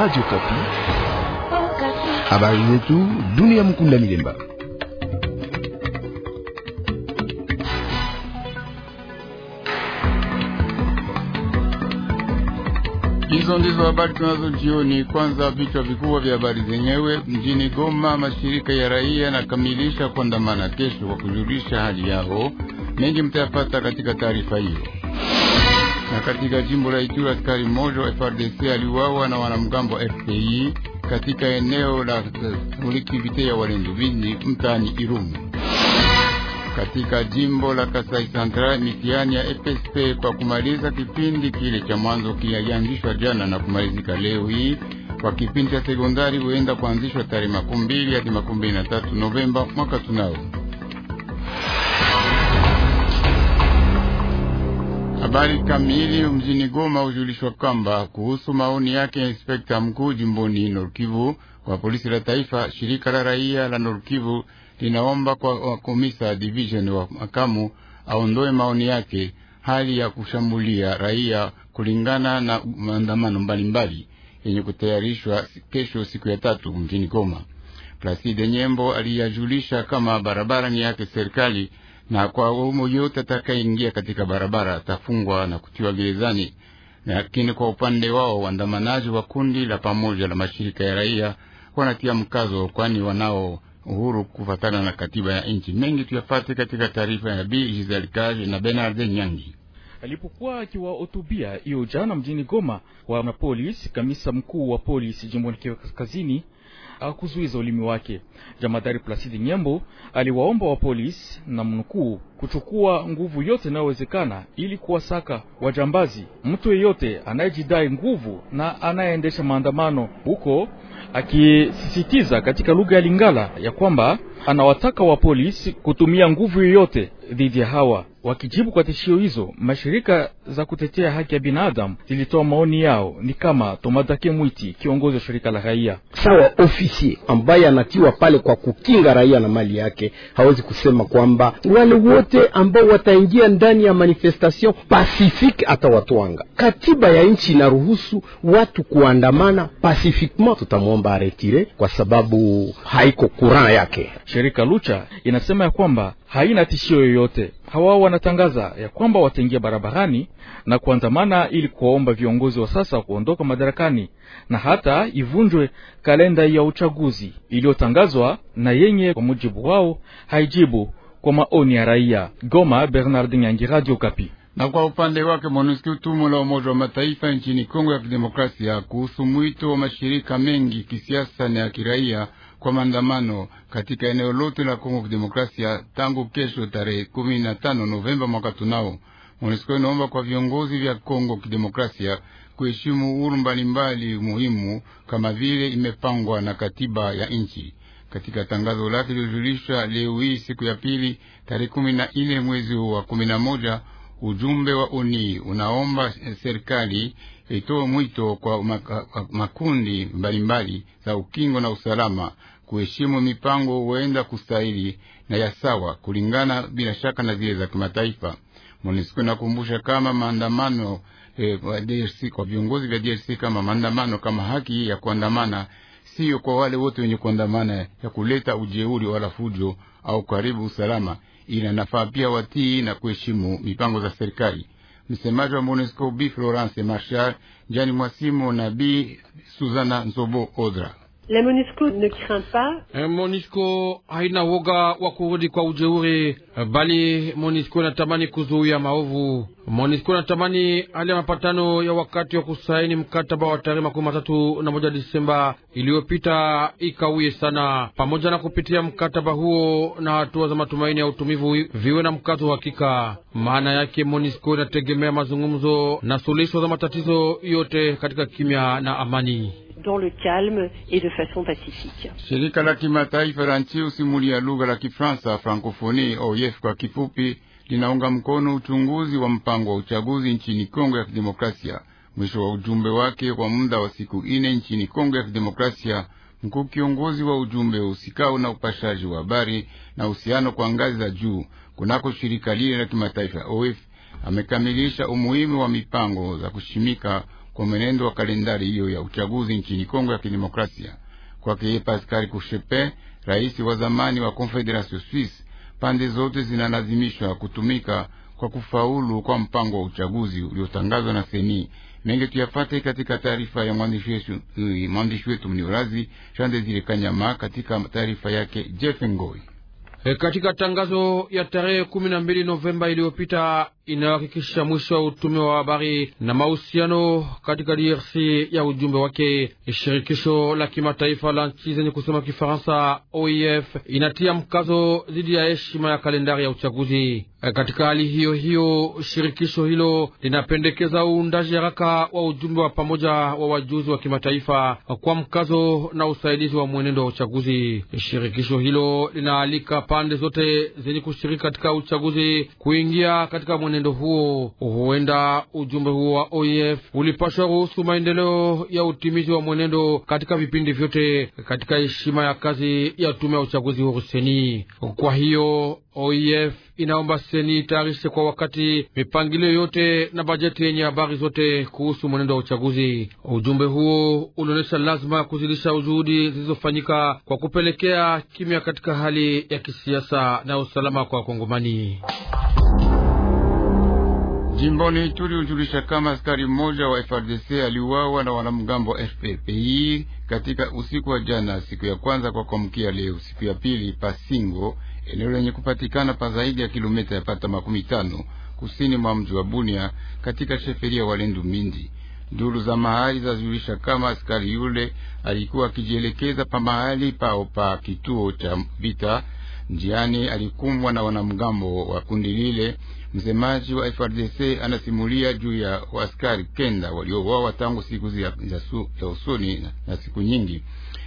Radio oh, Kapi. Habari zetu dunia mkunda milemba. Hizo ndizo habari tunazo jioni. Kwanza vichwa vikubwa vya habari zenyewe. Mjini Goma, mashirika ya raia yanakamilisha kuandamana kesho kwa kujulisha hali yao. Mengi mtayapata katika taarifa hiyo. Na katika jimbo la Ituri askari mmoja wa FRDC aliuawa na wanamgambo wa FPI katika eneo la muliki ya Walendu Bini mtaani Irumu. Katika jimbo la Kasai Central mitihani ya EPSP kwa kumaliza kipindi kile cha mwanzo kilianzishwa jana na kumalizika leo hii kwa kipindi cha sekondari huenda kuanzishwa tarehe makumi mbili hadi makumi mbili na tatu Novemba mwaka tunao Habari kamili mjini Goma hujulishwa kwamba kuhusu maoni yake ya inspekta mkuu jimboni Norkivu kwa polisi la taifa, shirika la raia la Norkivu linaomba kwa wakomisa division wa makamu aondoe maoni yake hali ya kushambulia raia kulingana na maandamano mbalimbali yenye kutayarishwa kesho siku ya tatu mjini Goma. Plaside Nyembo aliyajulisha kama barabara ni yake serikali na kwa umo yote atakayeingia katika barabara atafungwa na kutiwa gerezani. Lakini kwa upande wao waandamanaji wa kundi la pamoja la mashirika ya raia wanatia mkazo, kwani wanao uhuru kufatana na katiba ya nchi. Mengi tuyafate katika taarifa ya Bi Giselle na Benard Nyangi. Alipokuwa akiwahutubia hiyo jana mjini Goma, wanapolisi, kamisa mkuu wa polisi jimboni Kivu Kaskazini akuzuiza uh, ulimi wake. Jamadari Plasidi Nyembo aliwaomba wa polisi na mnukuu, kuchukua nguvu yote inayowezekana ili kuwasaka wajambazi, mtu yeyote anayejidai nguvu na anayeendesha maandamano huko, akisisitiza katika lugha ya Lingala ya kwamba anawataka wa polisi kutumia nguvu yoyote dhidi ya hawa. Wakijibu kwa tishio hizo, mashirika za kutetea haki ya binadamu zilitoa maoni yao, ni kama Tomadake Mwiti, kiongozi wa shirika la raia. Sawa, ofisi ambaye anatiwa pale kwa kukinga raia na mali yake hawezi kusema kwamba wale wote ambao wataingia ndani ya manifestation pacifique atawatwanga. Katiba ya nchi inaruhusu watu kuandamana pacifiquement, tutamwomba aretire kwa sababu haiko kuran yake. Shirika Lucha inasema ya kwamba haina tishio yoyote. Hawa wanatangaza ya kwamba wataingia barabarani na kuandamana ili kuwaomba viongozi wa sasa kuondoka madarakani na hata ivunjwe kalenda ya uchaguzi iliyotangazwa na yenye kwa mujibu wao haijibu kwa maoni ya raia. Goma, Bernard Nyangi, Radio Kapi. Na kwa upande wake MONUSCO tumo la Umoja wa Mataifa nchini Kongo ya Kidemokrasia kuhusu mwito wa mashirika mengi kisiasa na ya kiraia kwa maandamano katika eneo lote la Kongo Kidemokrasia tangu kesho tarehe kumi na tano Novemba mwaka tunao. MONUSCO inaomba kwa viongozi vya Kongo Kidemokrasia kuheshimu uhuru mbalimbali muhimu kama vile imepangwa na katiba ya nchi. Katika tangazo lake lilojulishwa leo hii siku ya pili tarehe kumi na ine mwezi wa kumi na moja Ujumbe wa UNI unaomba serikali itoe mwito kwa makundi mbalimbali za ukingo na usalama kuheshimu mipango huenda kustahili na ya sawa kulingana bila shaka na zile za kimataifa. MONUSCO nakumbusha kama maandamano eh, wa DRC, kwa viongozi vya DRC kama maandamano kama haki ya kuandamana, siyo kwa wale wote wenye kuandamana ya kuleta ujeuri wala fujo au karibu usalama inanafaa pia watii na kuheshimu mipango za serikali. Msemaji wa MONUSCO Bi Florence Marshal, njani mwasimu na Bi Suzana Nzobo Odra la MONUSCO ne craint pas. Euh, MONUSCO haina woga wa kurudi kwa ujeuri, euh, bali MONUSCO inatamani kuzuia maovu. MONUSCO inatamani hali ya mapatano ya wakati wa kusaini mkataba wa tarehe makumi matatu na moja Disemba iliyopita ikawie sana, pamoja na kupitia mkataba huo na hatua za matumaini ya utumivu viwe na mkazo hakika. Maana yake MONUSCO inategemea mazungumzo na suluhisho za matatizo yote katika kimya na amani dans le calme et de façon pacifique. Shirika la kimataifa la nchi usimulia lugha la Kifaransa, Francophonie, OIF e kwa kifupi, linaunga mkono uchunguzi wa mpango wa uchaguzi nchini Kongo ya Kidemokrasia. Mwisho wa ujumbe wake kwa muda wa siku ine nchini Kongo ya Kidemokrasia, mkuu kiongozi wa ujumbe usikao na upashaji wa habari na uhusiano kwa ngazi za juu kunako shirika lile la kimataifa OIF e amekamilisha umuhimu wa mipango za kushimika kwa mwenendo wa kalendari hiyo ya uchaguzi nchini Kongo ya Kidemokrasia. Kwake Pascal Kushepe, rais wa zamani wa Confederation Suisse, pande zote zinalazimishwa kutumika kwa kufaulu kwa mpango wa uchaguzi uliotangazwa na seni mengi tuyafate katika taarifa ya mwandishi wetu mniurazi Shandezile Kanyama katika taarifa yake Jeff Ngoi. E, katika tangazo ya tarehe kumi na mbili Novemba iliyopita inahakikisha mwisho wa utume wa habari na mahusiano katika DRC ya ujumbe wake. Shirikisho la kimataifa la nchi zenye kusema Kifaransa, OIF, e inatia mkazo dhidi ya heshima ya kalendari ya uchaguzi. Katika hali hiyo hiyo, shirikisho hilo linapendekeza uundaji haraka wa ujumbe wa pamoja wa wajuzi wa kimataifa kwa mkazo na usaidizi wa mwenendo wa uchaguzi. Shirikisho hilo linaalika pande zote zenye kushiriki katika uchaguzi kuingia katika mwenendo mwenendo huo. Huenda ujumbe huo wa OIF e ulipashwa ruhusu maendeleo ya utimizi wa mwenendo katika vipindi vyote katika heshima ya kazi ya tume ya uchaguzi huru seni. Kwa hiyo OIF e inaomba seni itayarishe kwa wakati mipangilio yote na bajeti yenye habari zote kuhusu mwenendo wa uchaguzi. Ujumbe huo ulionyesha lazima ya kuzidisha ujuhudi zilizofanyika kwa kupelekea kimya katika hali ya kisiasa na usalama kwa Wakongomani. Jimboni Ituri ujulisha kama askari mmoja wa FRDC aliuawa na wanamgambo wa FPPI katika usiku wa jana, siku ya kwanza kwa kuamkia leo, siku ya pili Pasingo, eneo lenye kupatikana pa zaidi ya kilomita ya pata makumi tano kusini mwa mji wa Bunia katika sheferia Walendu Mindi. Duru za mahali zajulisha kama askari yule alikuwa akijielekeza pa mahali pao pa kituo cha vita Njiani alikumbwa na wanamgambo wa kundi lile. Msemaji wa FRDC anasimulia juu ya askari kenda waliouawa tangu siku za usoni na siku nyingi.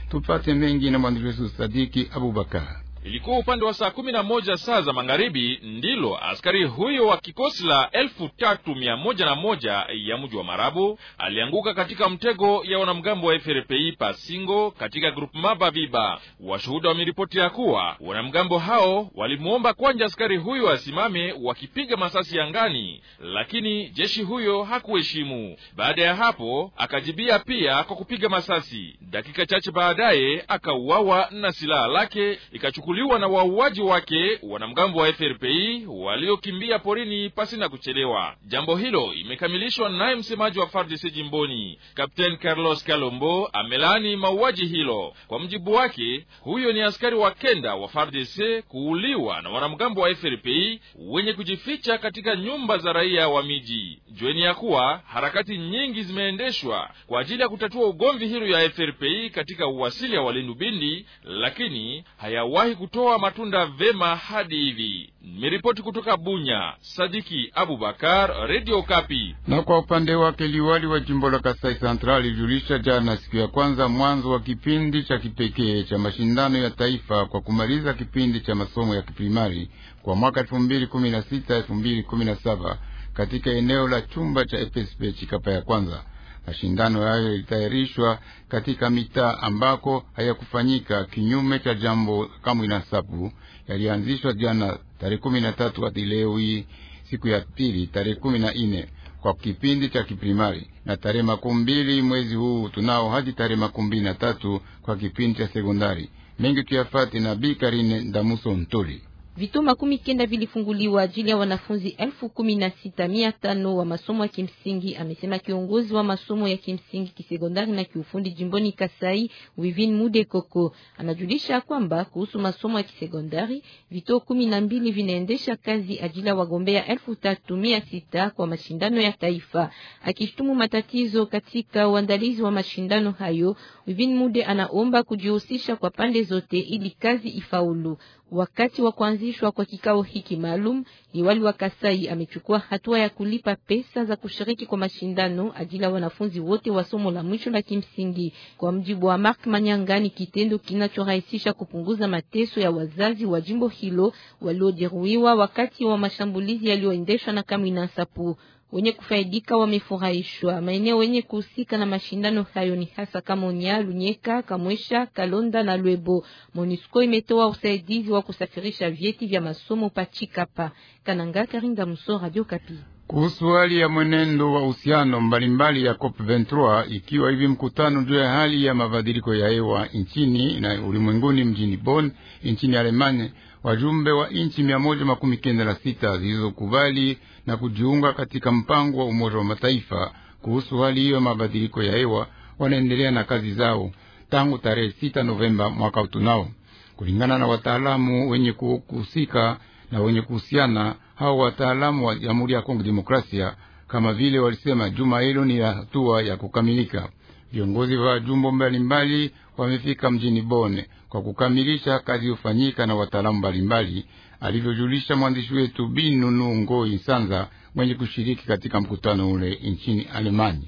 Tupate mengi na mwandishi wetu Sadiki Abubakar. Ilikuwa upande wa saa kumi na moja saa za magharibi ndilo askari huyo wa kikosi la elfu tatu mia moja na moja ya mji wa Marabu alianguka katika mtego ya wanamgambo wa FRPI Pasingo katika grup maba Viba. Washuhuda wameripoti ya kuwa wanamgambo hao walimwomba kwanja askari huyo asimame wakipiga masasi angani, lakini jeshi huyo hakuheshimu. Baada ya hapo akajibia pia kwa kupiga masasi. Dakika chache baadaye akauawa na silaha lake ikachukua kuchukuliwa na wauaji wake wanamgambo wa FRPI waliokimbia porini pasi na kuchelewa. Jambo hilo imekamilishwa naye msemaji wa FARDC jimboni Kapteni Carlos Kalombo amelaani mauaji hilo. Kwa mjibu wake, huyo ni askari wa kenda wa FARDC kuuliwa na wanamgambo wa FRPI wenye kujificha katika nyumba za raia wa miji. Jueni ya kuwa harakati nyingi zimeendeshwa kwa ajili ya kutatua ugomvi hilo ya FRPI katika uwasili ya Walendu Bindi, lakini hayawahi kutoa matunda vema hadi hivi. Nimeripoti kutoka Bunya, Sadiki Abubakar, Radio Kapi. Na kwa upande wake liwali wa jimbo la Kasai Central ilijulisha jana siku ya kwanza mwanzo wa kipindi cha kipekee cha mashindano ya taifa kwa kumaliza kipindi cha masomo ya kiprimari kwa mwaka 2016 2017 katika eneo la chumba cha EPSP Chikapa ya kwanza. Mashindano hayo yalitayarishwa katika mitaa ambako hayakufanyika kinyume cha jambo Kamwina sapu Yalianzishwa jana tarehe kumi na tatu hadi leo hii siku ya pili tarehe kumi na nne kwa kipindi cha kiprimari na tarehe makumi mbili mwezi huu tunao hadi tarehe makumi mbili na tatu kwa kipindi cha sekondari. Mengi tuyafati na Bikarine Ndamuso Ntuli. Vituo makumi kenda vilifunguliwa ajili ya wanafunzi elfu kumi na sita mia tano wa masomo ya kimsingi, amesema kiongozi wa masomo ya kimsingi kisekondari na kiufundi jimboni Kasai, Wivin Mude Koko. Anajulisha kwamba kuhusu masomo ya kisekondari vituo kumi na mbili vinaendesha kazi ajili ya wagombea elfu tatu mia sita kwa mashindano ya taifa. Akishtumu matatizo katika uandalizi wa mashindano hayo, Wivin Mude anaomba kujihusisha kwa pande zote ili kazi ifaulu. Wakati wa kuanzia kuanzishwa kwa kikao hiki maalum, liwali wa Kasai amechukua hatua ya kulipa pesa za kushiriki kwa mashindano ajili ya wanafunzi wote wa somo la mwisho la kimsingi. Kwa mjibu wa Mark Manyangani, kitendo kinachorahisisha kupunguza mateso ya wazazi wa jimbo hilo waliojeruhiwa wakati wa mashambulizi yaliyoendeshwa na Kamwina Nsapu wenye kufaidika wamefurahishwa. Maeneo wenye kuhusika na mashindano hayo ni hasa Kamonia, Lunyeka, Kamwesha, Kalonda na Lwebo. Monisco imetoa usaidizi wa kusafirisha vyeti vya masomo Pachikapa. Kananga Karinda Muso, Radio Kapi kuhusu hali ya mwenendo wa uhusiano mbalimbali ya COP23 ikiwa hivi mkutano juu ya hali ya mabadiliko ya hewa nchini na ulimwenguni mjini Bonn nchini Alemania, wajumbe wa nchi mia moja makumi kenda na sita zilizokubali na kujiunga katika mpango wa Umoja wa Mataifa kuhusu hali hiyo ya mabadiliko ya hewa wanaendelea na kazi zao tangu tarehe 6 Novemba mwaka utunao, kulingana na wataalamu wenye kuhusika na wenye kuhusiana hao wataalamu wa Jamhuri ya Kongo Demokrasia kama vile walisema juma hilo ni hatua ya kukamilika. Viongozi wa jumbo mbalimbali wamefika mjini bone kwa kukamilisha kazi hufanyika na wataalamu mbalimbali, alivyojulisha mwandishi wetu Binunu Ngoi Sanza mwenye kushiriki katika mkutano ule nchini Alemani.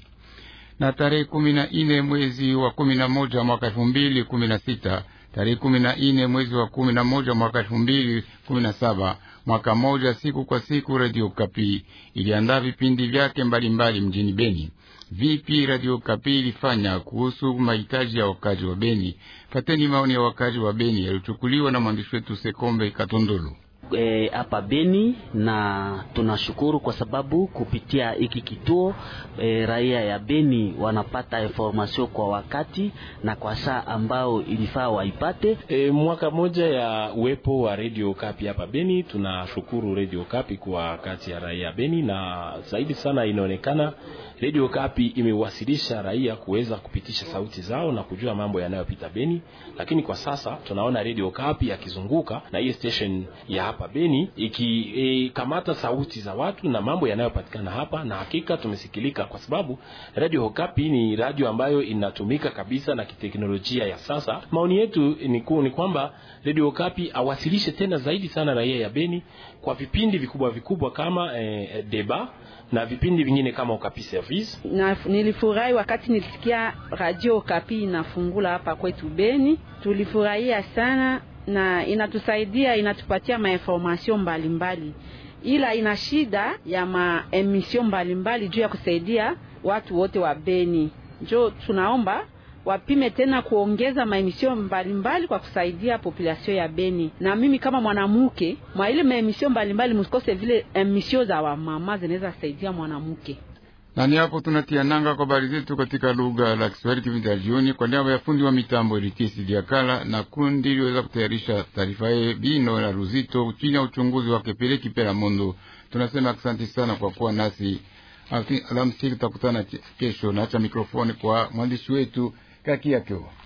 Na tarehe kumi na nne mwezi wa kumi na moja mwaka elfu mbili kumi na sita tarehe kumi na nne mwezi wa kumi na moja mwaka elfu mbili kumi na saba mwaka moja, siku kwa siku Radio Kapi iliandaa vipindi vyake mbalimbali mjini Beni. Vipi Radio Kapi ilifanya kuhusu mahitaji ya wakazi wa Beni? Pateni maoni ya wakazi wa Beni yaliyochukuliwa na mwandishi wetu Sekombe Katondolo. Eh, hapa e, Beni na tunashukuru kwa sababu kupitia hiki kituo e, raia ya Beni wanapata information kwa wakati na kwa saa ambao ilifaa waipate. E, mwaka moja ya uwepo wa Radio Kapi hapa Beni, tunashukuru Radio Kapi kwa kati ya raia Beni, na zaidi sana inaonekana Radio Kapi imewasilisha raia kuweza kupitisha sauti zao na kujua mambo yanayopita Beni, lakini kwa sasa tunaona Radio Kapi yakizunguka na hii station ya hapa hapa Beni ikikamata e, sauti za watu na mambo yanayopatikana hapa, na hakika tumesikilika, kwa sababu Radio Okapi ni radio ambayo inatumika kabisa na kiteknolojia ya sasa. Maoni yetu ni, ni kwamba Radio Okapi awasilishe tena zaidi sana raia ya Beni kwa vipindi vikubwa vikubwa kama e, deba na vipindi vingine kama Okapi Service. Na nilifurahi wakati nilisikia Radio Okapi inafungula hapa kwetu Beni, tulifurahia sana na inatusaidia, inatupatia mainformation mbalimbali, ila ina shida ya maemission mbalimbali juu ya kusaidia watu wote wa Beni. Njo tunaomba wapime tena kuongeza maemisio mbalimbali kwa kusaidia populasio ya Beni. Na mimi kama mwanamke mwa ile maemisio mbalimbali, msikose vile emisio za wamama zinaweza saidia mwanamke. Na ni hapo tunatia nanga kwa habari zetu katika lugha la Kiswahili kipindi cha jioni, kwa niaba ya fundi wa mitambo Elitisi Diakala na kundi liweza kutayarisha taarifa yeye Bino na Ruzito chini ya uchunguzi wake Kepele kipela Mondo. Tunasema asante sana kwa kuwa nasi. Alamsiki, tutakutana kesho. Naacha mikrofoni kwa mwandishi wetu Kakia Kewa.